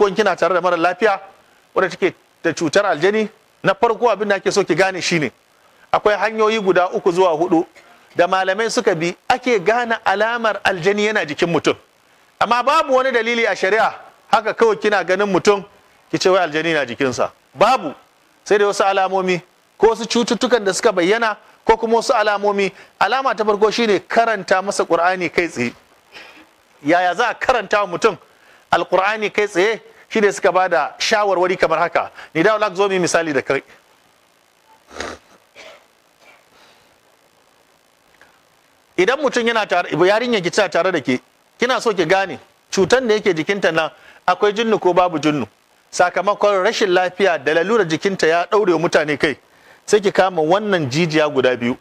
farko kina tare da mara lafiya wadda take da cutar aljani na farko abin da ake so ki gane shine akwai hanyoyi guda uku zuwa hudu da malamai suka bi ake gane alamar aljani yana jikin mutum amma babu wani dalili a shari'a haka kawai kina ganin mutum ki ce wai aljani na jikinsa babu sai da wasu alamomi ko wasu cututtukan da suka bayyana ko kuma wasu alamomi alama ta farko shine karanta masa qur'ani kai tsaye yaya za a karanta wa mutum alqur'ani kai tsaye shi suka ba da shawarwari kamar haka ni da zo mu misali da kai idan mutum yana tare yarinyar ki tare da ke kina so ki gane cutan da yake jikinta na akwai jinnu ko babu jinnu sakamakon rashin lafiya da lalura jikinta ya ɗaure mutane kai sai ki kama wannan jijiya guda biyu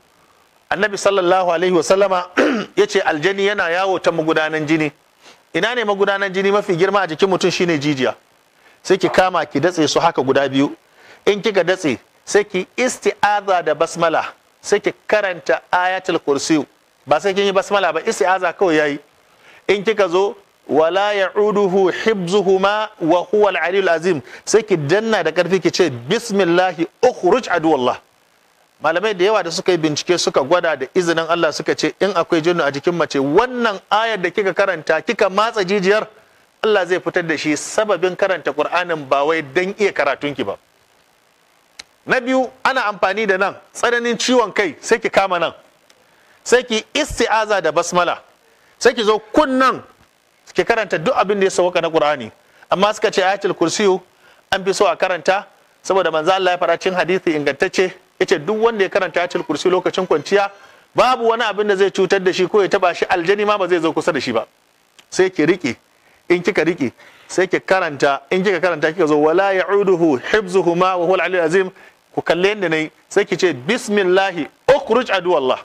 annabi sallallahu alaihi wa ya ce aljani yana yawo ta magudanan jini ina ne magudanan jini mafi girma a jikin mutum shine jijiya sai ki kama ki datse su haka guda biyu in kika datse sai ki isti'aza da basmala sai ki karanta ayatul kursi ba sai kin yi basmala ba isti'aza kawai yayi in kika zo wala ya'uduhu hibzuhuma wa huwa al-aliyyul azim sai ki danna da karfi ki ce bismillahi ukhruj aduwallah malamai da yawa da suka yi bincike suka gwada da izinin Allah suka ce in akwai jinnu a jikin mace wannan ayar da kika karanta kika matsa jijiyar Allah zai fitar da shi sababin karanta Kur'anin ba wai dan iya karatunki ba na biyu ana amfani da nan tsananin ciwon kai sai ki kama nan sai ki isti'aza da basmala sai ki zo kunnan ki karanta duk abin da ya sauka na kur'ani amma suka ce ayatul kursiyu an fi so a karanta saboda manzo Allah ya fara cin hadisi ingantacce yace duk wanda ya karanta ayatul kursi lokacin kwanciya babu wani abin da zai cutar da shi ko ya taba shi aljani ma ba zai zo kusa da shi ba sai ki riƙe. in kika riƙe, sai ki karanta in kika karanta kika zo wala ya'uduhu hibzuhuma wa huwal aliyyul azim ku kalle yadda nayi sai ki ce bismillahi ukhruj aduwallah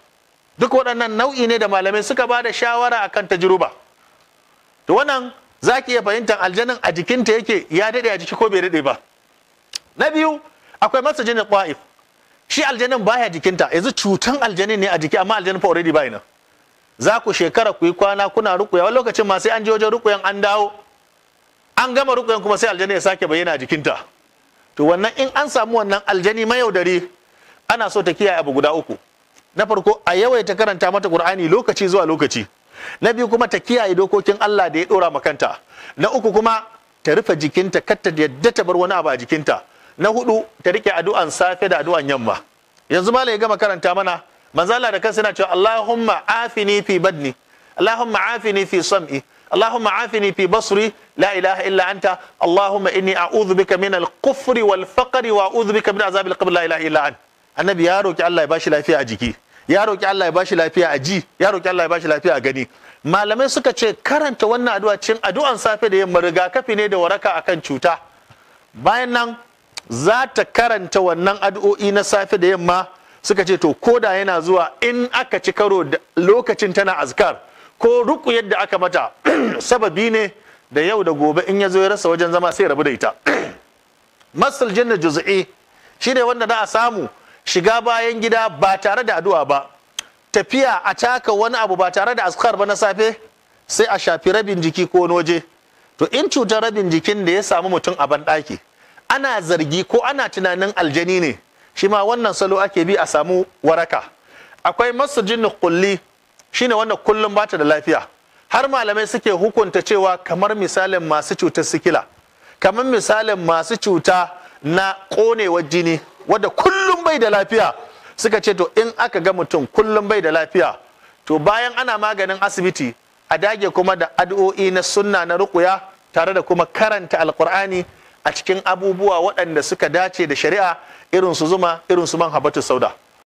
duk waɗannan nau'i ne da malamai suka ba da shawara akan tajruba to wannan zaki ki iya fahimtar aljanin a jikinta yake ya dade a jiki ko bai daɗe ba na biyu akwai masajin qa'if shi aljannan baya jikinta yanzu cutan aljanin ne a jiki amma aljanin fa already bai nan za ku shekara ku yi kwana kuna rukuya wani lokacin ma sai an ji wajen rukuyan an dawo an gama rukuyan kuma sai aljani ya sake bayyana jikinta to wannan in an samu wannan aljani mayaudari ana so ta kiyaye abu guda uku na farko a yawaita karanta mata qur'ani lokaci zuwa lokaci na biyu kuma ta kiyaye dokokin Allah da ya dora kanta. na uku kuma ta rufe jikinta kar ta yadda ta bar wani abu a jikinta na hudu ta rike addu'an safe da addu'an yamma yanzu malai ya gama karanta mana manzala da kansa yana cewa Allahumma afini fi badni Allahumma afini fi sam'i Allahumma afini fi basri la ilaha illa anta Allahumma inni a'udhu bika min al-kufri wal faqri wa a'udhu bika min azab al-qabr la ilaha illa anta annabi ya roki Allah ya bashi lafiya a jiki ya roki Allah ya bashi lafiya a ji ya roki Allah ya bashi lafiya a gani malamai suka ce karanta wannan addu'a cin addu'an safe da yamma rigakafi ne da waraka akan cuta bayan nan za ta karanta wannan addu'o'i na safe da yamma suka ce to ko da yana zuwa in aka ci karo lokacin tana azkar ko ruku yadda aka mata sababi ne da yau da gobe in ya zo ya rasa wajen zama sai rabu da ita masal juzu'i juz'i shine wanda za a samu shiga bayan gida ba tare da addu'a ba tafiya a taka wani abu ba tare da azkar ba na safe sai a shafi rabin jiki ko noje to in cutar rabin jikin da ya samu mutum a banɗaki ana zargi ko ana tunanin aljani ne shi ma wannan salo ake bi a samu waraka akwai masu masujin kulli ne wannan kullum bata da lafiya har malamai suke hukunta cewa kamar misalin masu cutar sikila kamar misalin masu cuta na konewar jini wadda kullum bai da lafiya suka ce to in aka ga mutum kullum bai da lafiya to bayan ana maganin asibiti a dage kuma da addu'o'i na sunna na rukuya tare da kuma karanta alkur'ani a cikin abubuwa waɗanda suka dace da shari'a irin su zuma irin su man habatu sauda